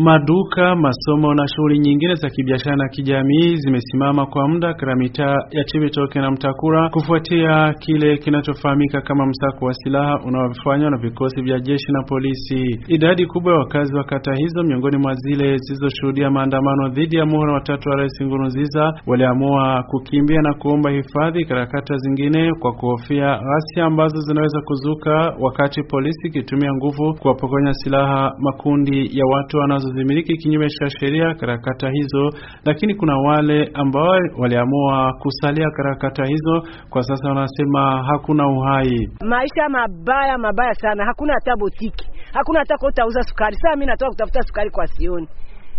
Maduka, masomo na shughuli nyingine za kibiashara na kijamii zimesimama kwa muda katika mitaa ya Chibitoke na Mtakura kufuatia kile kinachofahamika kama msako wa silaha unaofanywa na vikosi vya jeshi na polisi. Idadi kubwa ya wakazi wa kata hizo, miongoni mwa zile zilizoshuhudia maandamano dhidi ya muhula watatu wa Rais Nkurunziza, waliamua kukimbia na kuomba hifadhi katika kata zingine kwa kuhofia ghasia ambazo zinaweza kuzuka wakati polisi ikitumia nguvu kuwapokonya silaha makundi ya watu wanazo zinazozimiliki kinyume cha sheria karakata hizo, lakini kuna wale ambao waliamua kusalia karakata hizo. Kwa sasa wanasema hakuna uhai, maisha mabaya mabaya sana, hakuna hata botiki, hakuna hata kota uza sukari. Sasa mimi natoka kutafuta sukari kwa sioni,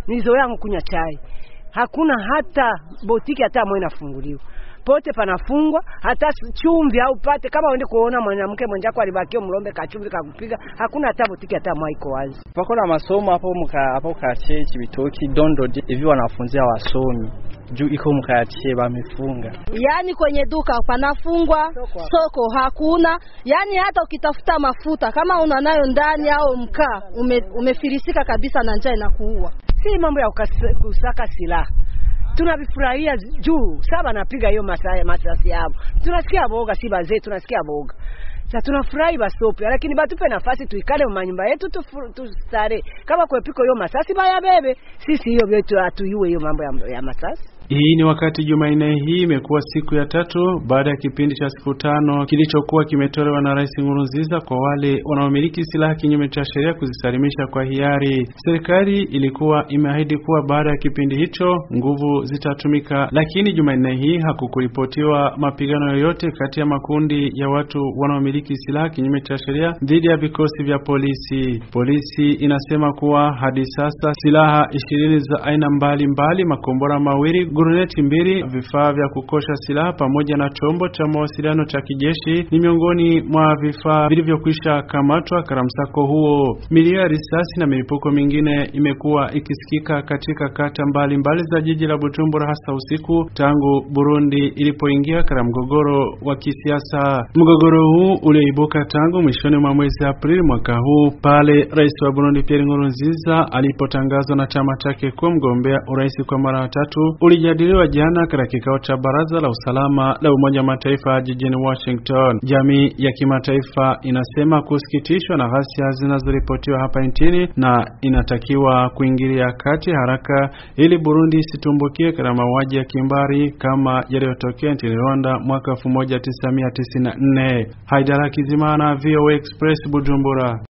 nilizoea kunywa chai hakuna hata botiki hata moja inafunguliwa, pote panafungwa. Hata chumvi pate kama uende kuona mwanamke mwenzako alibakia mlombe kachumvi kakupiga, hakuna hata botiki hata moja iko wazi. Pakola masomo hapo mka hapo kache chibitoki dondo hivi wanafunzia wasomi juu iko mkache bamefunga, yani kwenye duka panafungwa, soko, soko hakuna. yani hata ukitafuta mafuta kama una nayo ndani au mkaa ume, umefirisika kabisa na njaa inakuua si mambo ya kusaka silaha tunavifurahia juu saba napiga hiyo masasi yao, tunasikia boga, si bazee, tunasikia boga Sasa tunafurahi basopi, lakini batupe nafasi tuikale manyumba yetu tustare. Kama kwepiko hiyo masasi bayabebe, sisi hiyo vyetu atuiwe hiyo mambo ya, ya masasi hii ni wakati Jumanne hii imekuwa siku ya tatu baada ya kipindi cha siku tano kilichokuwa kimetolewa na Rais Nkurunziza kwa wale wanaomiliki silaha kinyume cha sheria kuzisalimisha kwa hiari. Serikali ilikuwa imeahidi kuwa baada ya kipindi hicho nguvu zitatumika, lakini Jumanne hii hakukuripotiwa mapigano yoyote kati ya makundi ya watu wanaomiliki silaha kinyume cha sheria dhidi ya vikosi vya polisi. Polisi inasema kuwa hadi sasa silaha ishirini za aina mbalimbali, makombora mawili Guruneti mbili, vifaa vya kukosha silaha pamoja na chombo cha mawasiliano cha kijeshi ni miongoni mwa vifaa vilivyokwisha kamatwa katika msako huo. Milio ya risasi na milipuko mingine imekuwa ikisikika katika kata mbalimbali mbali za jiji la Bujumbura, hasa usiku tangu Burundi ilipoingia katika mgogoro wa kisiasa. Mgogoro huu ulioibuka tangu mwishoni mwa mwezi Aprili mwaka huu pale rais wa Burundi Pierre Nkurunziza alipotangazwa na chama chake kuwa mgombea urais kwa mara ya tatu ulija yalijadiliwa jana katika kikao cha Baraza la Usalama la Umoja wa Mataifa jijini Washington. Jamii ya kimataifa inasema kusikitishwa na ghasia zinazoripotiwa hapa nchini na inatakiwa kuingilia kati haraka ili Burundi isitumbukie katika mauaji ya kimbari kama yaliyotokea nchini Rwanda mwaka 1994. Haidara Kizimana, VOA Express, Bujumbura.